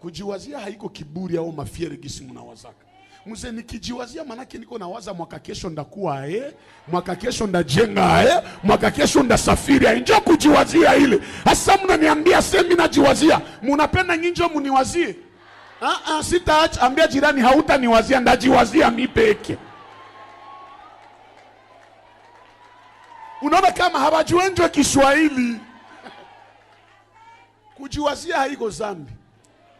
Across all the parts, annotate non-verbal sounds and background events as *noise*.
Kujiwazia haiko kiburi au mafiere gisi mnawazaka. Mzee, nikijiwazia manake niko nawaza mwaka kesho ndakuwa eh, mwaka kesho ndajenga eh, mwaka kesho ndasafiri. Ainjo kujiwazia ile. Hasa mnaniambia semi najiwazia. Mnapenda nyinjo muniwazie. Ah ah, sitaacha ambia jirani hautaniwazia ndajiwazia mi peke. Unaona kama hawajuenjwe Kiswahili. Kujiwazia haiko zambi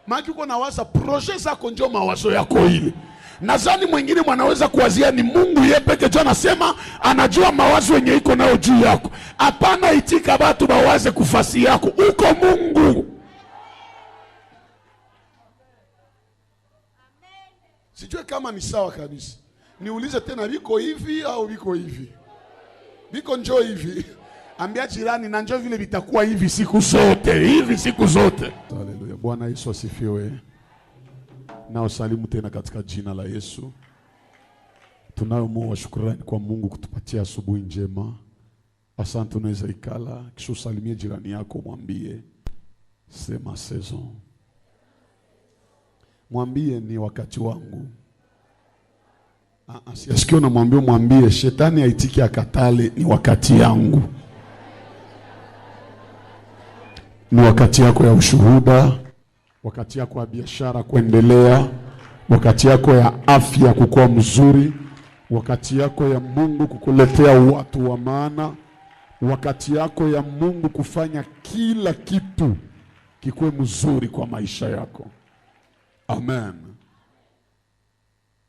maki uko nawaza proje zako ndio mawazo yako ile. Nadhani mwingine mwanaweza kuwazia ni Mungu ye peke tu anasema anajua mawazo yenye iko nayo juu yako. Hapana, itika batu bawaze kufasi yako, uko Mungu. Sijue kama ni sawa kabisa. Niulize tena, viko hivi au viko hivi? Viko njo hivi. Ambia jirani na vile vitakuwa hivi siku zote, hivi siku zote. Hallelujah. Bwana Yesu asifiwe. Na usalimu tena katika jina la Yesu. Tunayo moyo wa shukrani kwa Mungu kutupatia asubuhi njema. Asante, unaweza ikala, kisha usalimie jirani yako, mwambie sema season, mwambie ni wakati wangu. Asiasikie ah, ah, unamwambia, mwambie shetani aitiki akatale, ni wakati yangu, ni wakati yako ya ushuhuda wakati yako ya biashara kuendelea, wakati yako ya afya kukuwa mzuri, wakati yako ya Mungu kukuletea watu wa maana, wakati yako ya Mungu kufanya kila kitu kikuwe mzuri kwa maisha yako. Amen.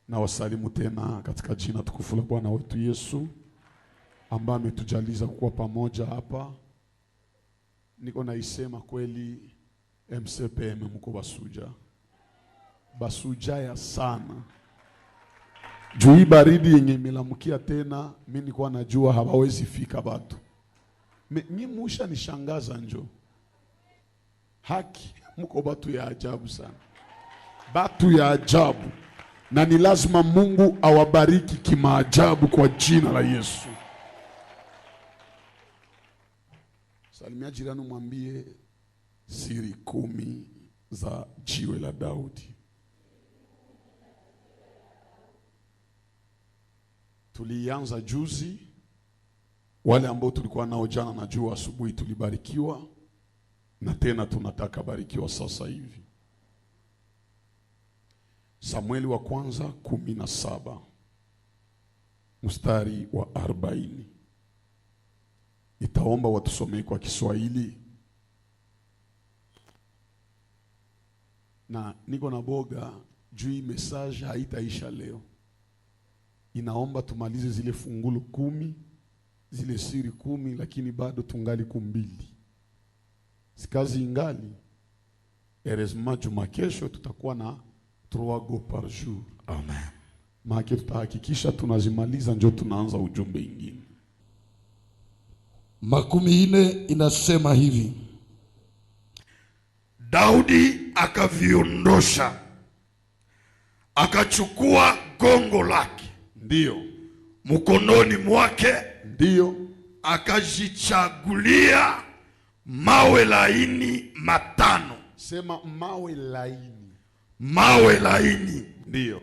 Na wasalimu tena katika jina tukufu la Bwana wetu Yesu ambaye ametujaliza kuwa pamoja hapa. Niko naisema kweli MCPM mko basuja basujaya sana juu hii baridi yenye milamkia tena, mi nilikuwa najua hawawezi fika batu mi musha nishangaza njo haki, mko batu ya ajabu sana, batu ya ajabu, na ni lazima Mungu awabariki kimaajabu kwa jina la Yesu. Salimia jirani, mwambie Siri kumi za jiwe la Daudi. Tulianza juzi, wale ambao tulikuwa nao jana na juu asubuhi tulibarikiwa, na tena tunataka barikiwa sasa hivi. Samueli wa kwanza kumi na saba mstari wa arobaini. Nitaomba watusomee kwa Kiswahili na niko na boga juu message haitaisha leo. Inaomba tumalize zile fungulu kumi zile siri kumi, lakini bado tungali kumbili, sikazi ingali eresma. Juma kesho tutakuwa na trois go par jour, amen. Maake tutahakikisha tunazimaliza, njo tunaanza ujumbe ingine makumi ine inasema hivi Daudi akaviondosha, akachukua gongo lake, ndio mkononi mwake, ndio akajichagulia mawe laini matano. Sema mawe laini, mawe laini, ndio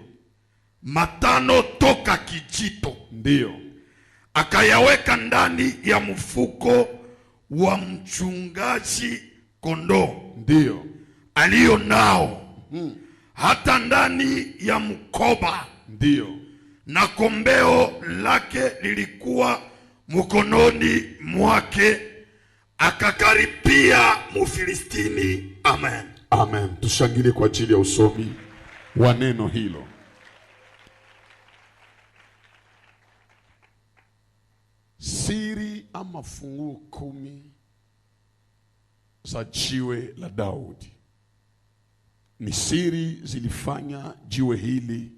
matano toka kijito, ndio akayaweka ndani ya mfuko wa mchungaji kondoo, ndio aliyo nao hmm. hata ndani ya mkoba ndio, na kombeo lake lilikuwa mkononi mwake, akakaripia Mufilistini. Amen, amen. Tushangilie kwa ajili ya usomi wa neno hilo. Siri ama funguo kumi za jiwe la Daudi. Misiri zilifanya jiwe hili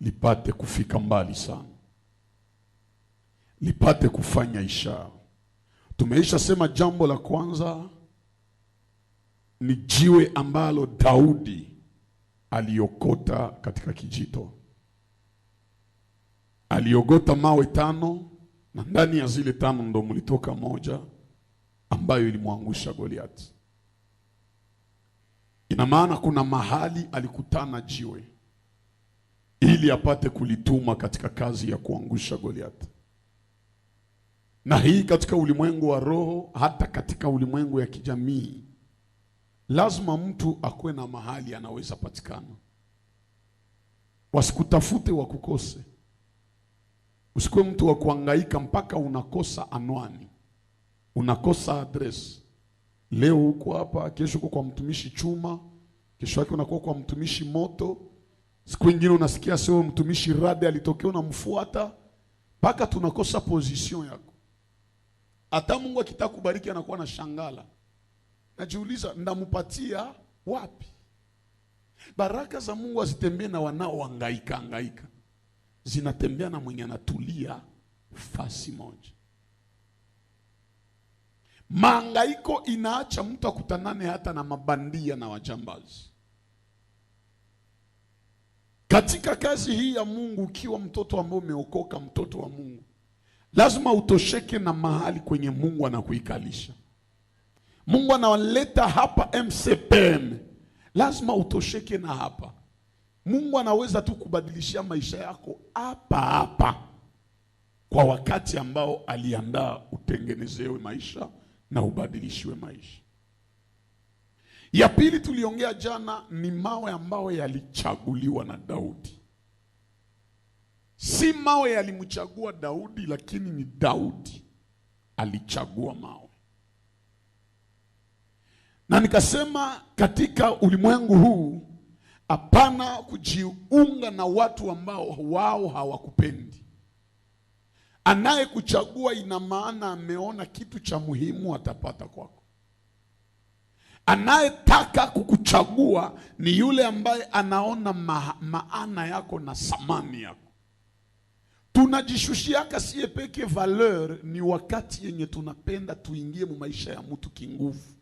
lipate kufika mbali sana, lipate kufanya ishara. Tumeisha sema jambo la kwanza ni jiwe ambalo Daudi aliokota katika kijito, aliogota mawe tano, na ndani ya zile tano ndo mlitoka moja ambayo ilimwangusha Goliati. Ina maana kuna mahali alikutana jiwe ili apate kulituma katika kazi ya kuangusha Goliath. Na hii katika ulimwengu wa roho, hata katika ulimwengu ya kijamii, lazima mtu akuwe na mahali anaweza patikana. Wasikutafute wakukose, usikuwe mtu wa kuangaika mpaka unakosa anwani, unakosa adresi Leo huko hapa, kesho uko kwa mtumishi chuma, kesho yake unakuwa kwa mtumishi moto, siku nyingine unasikia sio mtumishi rade alitokea, unamfuata mpaka tunakosa position yako. Hata Mungu akitakubariki anakuwa na shangala, najiuliza ndamupatia wapi? Baraka za Mungu azitembee na wanaohangaika hangaika, zinatembea na mwenye anatulia fasi moja. Maangaiko inaacha mtu akutanane hata na mabandia na wajambazi. Katika kazi hii ya Mungu, ukiwa mtoto ambaye umeokoka, mtoto wa Mungu, lazima utosheke na mahali kwenye Mungu anakuikalisha. Mungu anawaleta hapa MCPM, lazima utosheke na hapa. Mungu anaweza tu kubadilishia maisha yako hapa hapa kwa wakati ambao aliandaa utengenezewe maisha na ubadilishiwe maisha. Ya pili tuliongea jana ni mawe ambayo yalichaguliwa na Daudi. Si mawe yalimchagua Daudi, lakini ni Daudi alichagua mawe. Na nikasema katika ulimwengu huu hapana kujiunga na watu ambao wao hawakupendi. Anayekuchagua ina maana ameona kitu cha muhimu atapata kwako. Anayetaka kukuchagua ni yule ambaye anaona ma maana yako na thamani yako. Tunajishushiaka siye peke valeur, ni wakati yenye tunapenda tuingie mu maisha ya mtu kinguvu,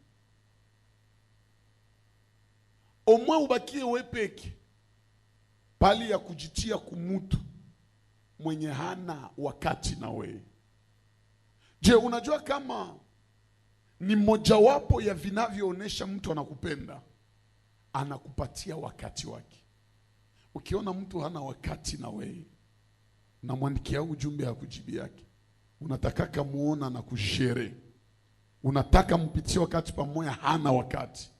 omwe ubakie wepeke pali ya kujitia kumutu mwenye hana wakati na wewe. Je, unajua kama ni mojawapo ya vinavyoonyesha mtu anakupenda, anakupatia wakati wake. Ukiona mtu hana wakati na wewe, unamwandikia ujumbe hakujibi yake, unataka muona na kushere, unataka mpitie wakati pamoja, hana wakati.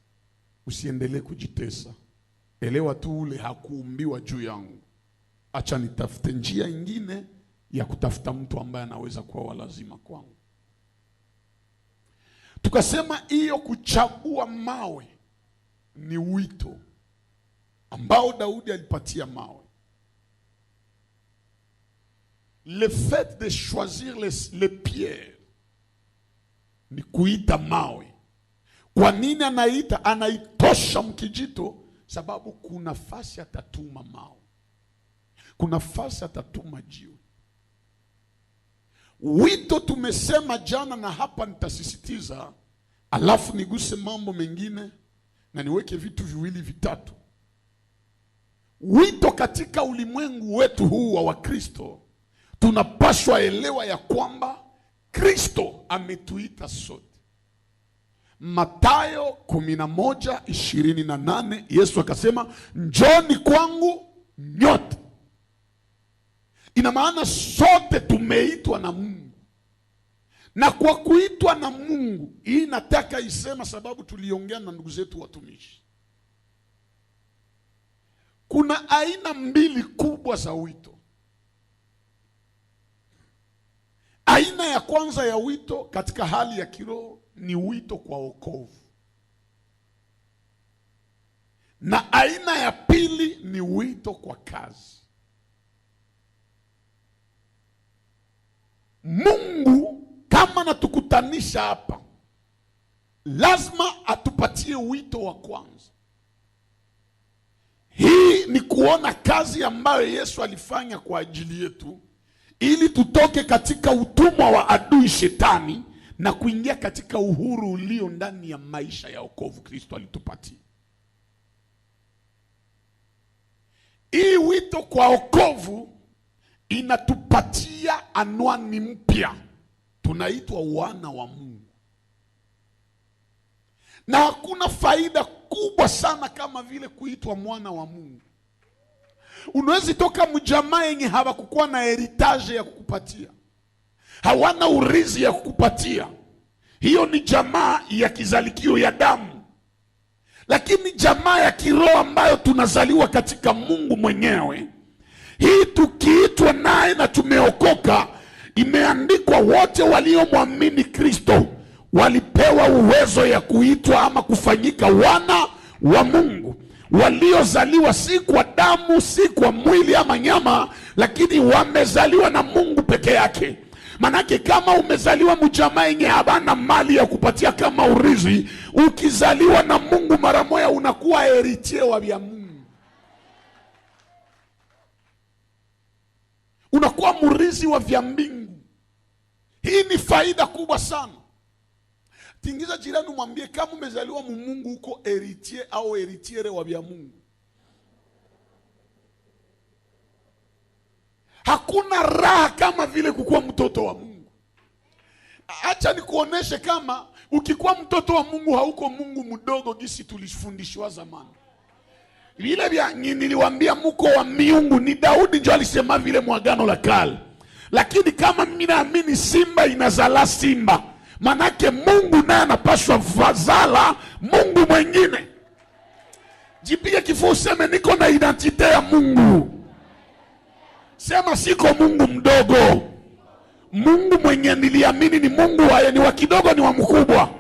Usiendelee kujitesa, elewa tu ule hakuumbiwa juu yangu acha nitafute njia ingine ya kutafuta mtu ambaye anaweza kuwa wa lazima kwangu. Tukasema hiyo kuchagua mawe ni wito ambao Daudi alipatia mawe. Le fait de choisir les, les pierres ni kuita mawe. Kwa nini anaita? Anaitosha mkijito, sababu kuna nafasi atatuma mawe kuna nafasi atatuma jiwe. Wito tumesema jana na hapa nitasisitiza, alafu niguse mambo mengine na niweke vitu viwili vitatu. Wito katika ulimwengu wetu huu wa Wakristo, tunapaswa elewa ya kwamba Kristo ametuita sote. Mathayo 11:28 Yesu akasema, njoni kwangu nyote Ina maana sote tumeitwa na Mungu, na kwa kuitwa na Mungu hii nataka isema, sababu tuliongea na ndugu zetu watumishi, kuna aina mbili kubwa za wito. Aina ya kwanza ya wito katika hali ya kiroho ni wito kwa wokovu na aina ya pili ni wito kwa kazi. Mungu kama anatukutanisha hapa, lazima atupatie wito wa kwanza. Hii ni kuona kazi ambayo Yesu alifanya kwa ajili yetu ili tutoke katika utumwa wa adui shetani na kuingia katika uhuru ulio ndani ya maisha ya wokovu Kristo alitupatia. Hii wito kwa wokovu inatupatia anwani mpya, tunaitwa wana wa Mungu, na hakuna faida kubwa sana kama vile kuitwa mwana wa Mungu. Unawezi toka mjamaa yenye hawakukuwa na heritage ya kukupatia, hawana urizi ya kukupatia, hiyo ni jamaa ya kizalikio ya damu, lakini jamaa ya kiroho ambayo tunazaliwa katika Mungu mwenyewe hii tukiitwa naye na tumeokoka, imeandikwa wote waliomwamini Kristo walipewa uwezo ya kuitwa ama kufanyika wana wa Mungu, waliozaliwa si kwa damu, si kwa mwili ama nyama, lakini wamezaliwa na Mungu peke yake. Manake kama umezaliwa mujamaa yenye habana mali ya kupatia kama urizi, ukizaliwa na Mungu mara moya unakuwa eritie wa vya Mungu. unakuwa murizi wa vya mbingu. Hii ni faida kubwa sana. Tingiza jirani, mwambie kama umezaliwa mumungu, huko eritie au eritiere wa vya Mungu. Hakuna raha kama vile kukuwa mtoto wa Mungu. Acha nikuoneshe kama ukikuwa mtoto wa Mungu hauko Mungu mdogo, gisi tulifundishwa zamani vile vya niliwaambia mko wa miungu, ni Daudi ndio alisema vile mwagano la kale. Lakini kama mimi naamini simba inazala simba, manake Mungu naye anapaswa vazala Mungu mwengine. Jipige kifua useme niko na identite ya Mungu. Sema siko Mungu mdogo. Mungu mwenye niliamini ni Mungu wa, ni wa kidogo, ni wa mkubwa.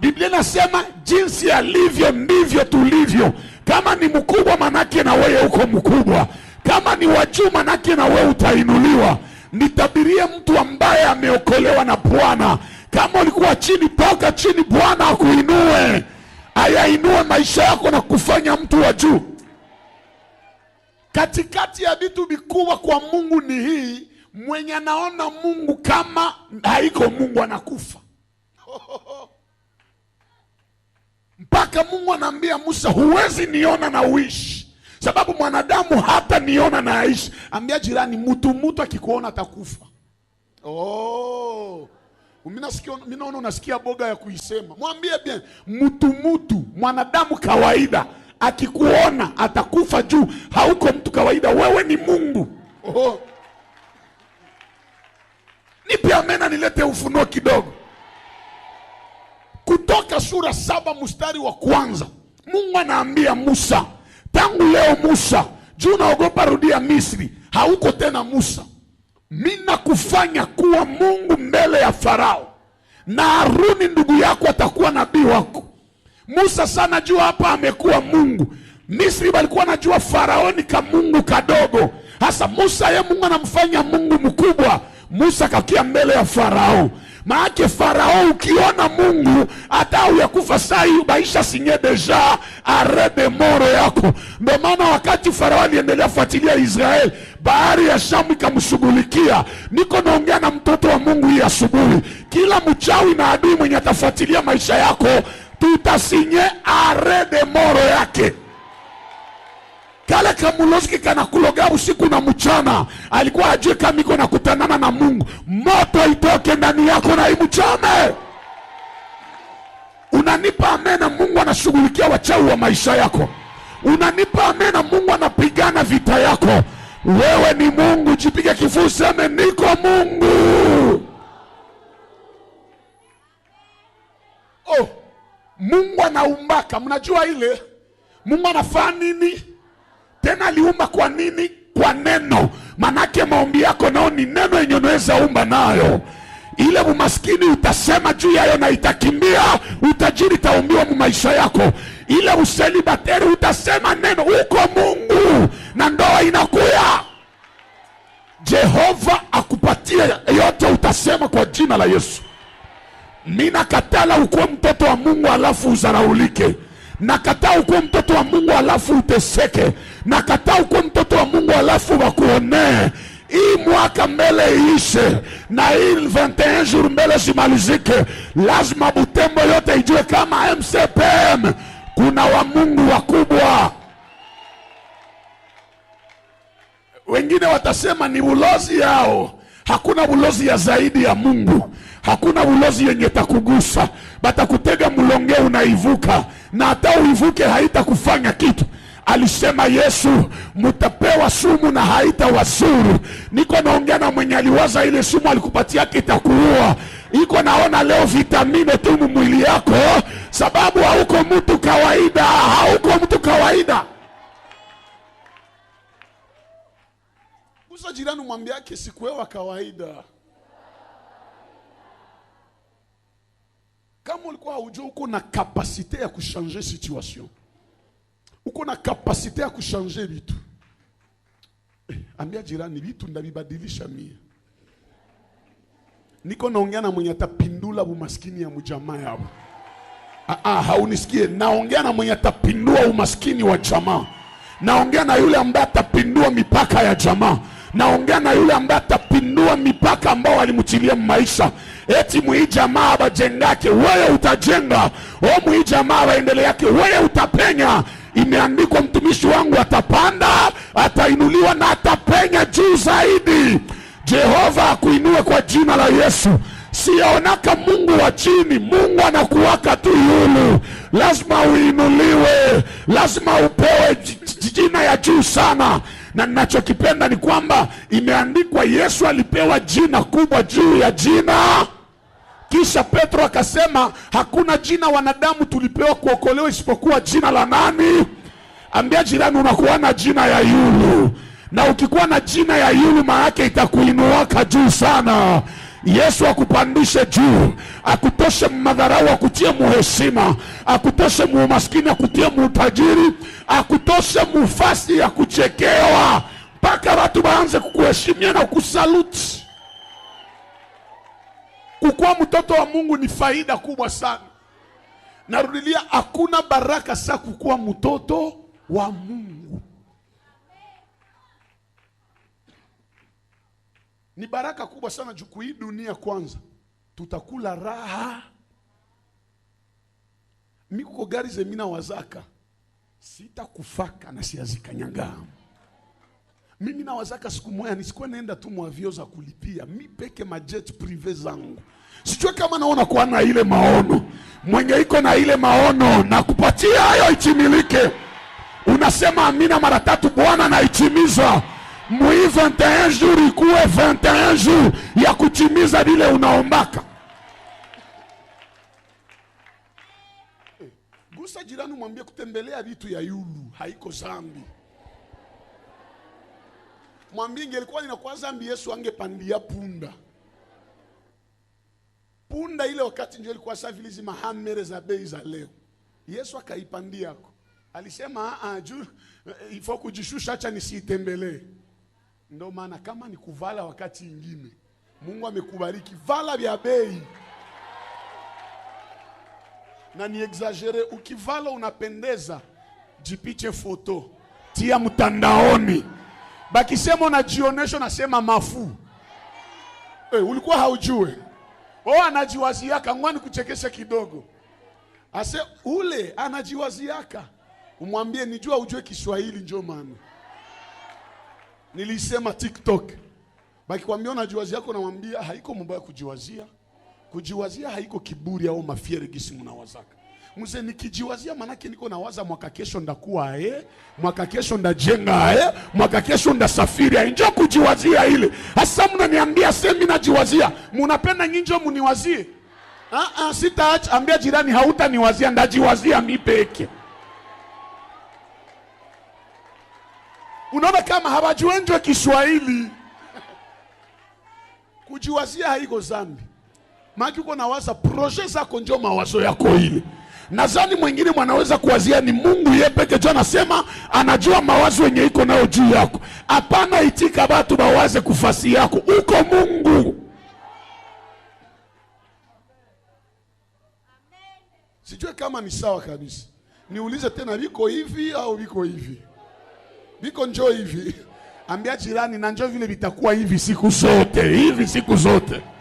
Biblia inasema jinsi alivyo ndivyo tulivyo. Kama ni mkubwa, manake na wewe uko mkubwa. Kama ni wa juu, manake na wewe utainuliwa. Nitabirie mtu ambaye ameokolewa na Bwana. Kama ulikuwa chini, toka chini, Bwana akuinue, ayainue maisha yako na kufanya mtu wa juu. Katikati ya vitu vikubwa kwa Mungu ni hii, mwenye anaona Mungu kama haiko Mungu anakufa *laughs* mpaka Mungu anaambia Musa, huwezi niona na uishi, sababu mwanadamu hata niona na aishi. Ambia jirani, mtu mtu akikuona atakufa. Oh, mimi naona unasikia boga ya kuisema, mwambie bien, mtu mtu, mwanadamu kawaida akikuona atakufa, juu hauko mtu kawaida, wewe ni Mungu. Oh. Nipe amena, nilete ufunuo kidogo. Kutoka sura saba mstari wa kwanza Mungu anaambia Musa, tangu leo Musa, juu naogopa rudia Misri, hauko tena Musa, mina nakufanya kuwa Mungu mbele ya Farao, na Haruni ndugu yako atakuwa nabii wako. Musa sana jua hapa amekuwa Mungu. Misri walikuwa najua Faraoni ka Mungu kadogo. Hasa Musa ye Mungu anamfanya Mungu mkubwa. Musa kakia mbele ya Farao, maake Farao ukiona Mungu hata au sai ubaisha sinye deja arebe moro yako. Ndo maana wakati Farao aliendelea fuatilia Israeli, bahari ya Shamu ikamshughulikia. Niko naongea na mtoto wa Mungu hii asubuhi, kila mchawi na adui mwenye atafuatilia maisha yako tutasinye arede moro yake kale kamuloski kanakuloga usiku na mchana, alikuwa ajue kama iko nakutanana na Mungu. Moto itoke ndani yako na imuchame. Unanipa amena? Mungu anashughulikia wachawi wa maisha yako. Unanipa amena? Mungu anapigana vita yako. Wewe ni Mungu, jipige kifua, seme niko Mungu. Oh, Mungu anaumbaka. Mnajua ile Mungu anafanya nini? Tena aliumba kwa nini? Kwa neno. Manake maombi yako nao ni neno yenye unaweza umba nayo. Ile umaskini utasema juu yayo na itakimbia, utajiri taumbiwa mu maisha yako. Ile uselibateri utasema neno, uko Mungu na ndoa inakuya. Jehova akupatie yote, utasema kwa jina la Yesu. Mina katala ukuwe mtoto wa Mungu alafu uzaraulike. Nakataa ukuwa mtoto wa Mungu alafu uteseke. Nakataa ukuwa mtoto wa Mungu alafu wakuonee. Hii mwaka mbele iishe na hii 21 jours mbele zimalizike. Lazima Butembo yote ijue kama MCPM kuna wa Mungu wakubwa. Wengine watasema ni ulozi yao. Hakuna ulozi ya zaidi ya Mungu, hakuna ulozi yenye takugusa, batakutega mulonge unaivuka na hata uivuke haitakufanya kitu. Alisema Yesu, mutapewa sumu na haita wasuru. Niko naongea na mwenye aliwaza ile sumu alikupatiake itakuua. Iko naona leo vitamine tu mwili yako, sababu hauko mtu kawaida, hauko mtu kawaida. Gusa jirani, mwambiake sikuwewa kawaida. Kama ulikuwa haujua uko na kapasite ya kushanje situation, uko na kapasite ya kushanje vitu eh, ambia jirani, vitu ndavibadilisha mie. Niko naongea na mwenye atapindula umaskini ya mjamaa yao. Ah, ah haunisikie. Naongea na mwenye atapindua umaskini wa jamaa. Naongea na yule ambaye atapindua mipaka ya jamaa naongea na yule ambaye atapindua mipaka ambao walimchilia maisha, eti mwii jamaa wajengake, wewe utajenga. O mwii jamaa waendele yake, wewe utapenya. Imeandikwa, mtumishi wangu atapanda, atainuliwa na atapenya juu zaidi. Jehova akuinue kwa jina la Yesu. Siyaonaka Mungu wa chini, Mungu anakuwaka tu yulu. Lazima uinuliwe, lazima upewe jina ya juu sana na ninachokipenda ni kwamba imeandikwa Yesu alipewa jina kubwa juu ya jina. Kisha Petro akasema hakuna jina wanadamu tulipewa kuokolewa isipokuwa jina la nani? Ambia jirani, unakuwa na jina ya yulu, na ukikuwa na jina ya yulu maana yake itakuinuaka juu sana. Yesu akupandishe juu, akutoshe madharau, akutie muheshima, akutoshe muumaskini, akutie muutajiri, akutoshe mufasi ya kuchekewa, mpaka watu waanze kukuheshimia na kusaluti. Kukuwa mtoto wa Mungu ni faida kubwa sana. Narudilia, hakuna baraka saa kukuwa mtoto wa Mungu. Ni baraka kubwa sana juku hii dunia kwanza, tutakula raha mikuko gari zemina wazaka kufaka na siazikanyagaa mimi na wazaka siku moja nisikuwa naenda tu mwavio za kulipia mi peke majet prive zangu. Sijue kama naona kuwa na ile maono, mwenye iko na ile maono na kupatia hayo itimilike. Unasema amina mara tatu, Bwana itimiza mwi 21 jours ikuwe 21 jours eh, ya kutimiza lile unaombaka. Hey, gusa jirani mwambie kutembelea vitu ya yulu haiko zambi. Mwambie ingelikuwa inakuwa zambi, Yesu angepandia punda. Punda ile wakati ndio ilikuwa savilizi mahamere za bei za leo. Yesu akaipandia ako, alisema ah, ah, juu eh, eh, ifo kujishusha, acha nisitembelee. Ndio maana kama ni kuvala wakati ingine, Mungu amekubariki, vala vya bei na ni exagere. Ukivala unapendeza, jipiche foto, tia mtandaoni, bakisema unajionesha, nasema mafu Hey, eh, ulikuwa haujue o anajiwaziaka ngwani kuchekesha kidogo ase ule anajiwaziaka umwambie nijua ujue Kiswahili, njo maana Nilisema TikTok. Bakikwambia unajiwazia yako, namwambia haiko mbaya kujiwazia. Kujiwazia haiko kiburi au mafiere gisi mnawazaka. Mzee, nikijiwazia manake niko nawaza mwaka kesho ndakuwa eh, mwaka kesho ndajenga eh, mwaka kesho ndasafiri. Enjoy kujiwazia ile. Hasa mnaniambia semi najiwazia. Mnapenda nyinjo mniwazie. Ah ah, sitaacha ambia jirani hautaniwazia ndajiwazia mipeke. unaona kama hawajuenjwe Kiswahili. Kujiwazia haiko zambi, maki uko nawaza proje zako, njo mawazo yako ile. Nadhani mwingine mwanaweza kuwazia ni Mungu yeye peke tu anasema anajua mawazo yenye iko nayo juu yako. Hapana, itika batu bawaze kufasi yako, uko Mungu. Sijue kama ni sawa kabisa, niulize tena, viko hivi au viko hivi? Biko njoo hivi, ambia jirani na njoo vile vitakuwa hivi siku zote, hivi siku zote.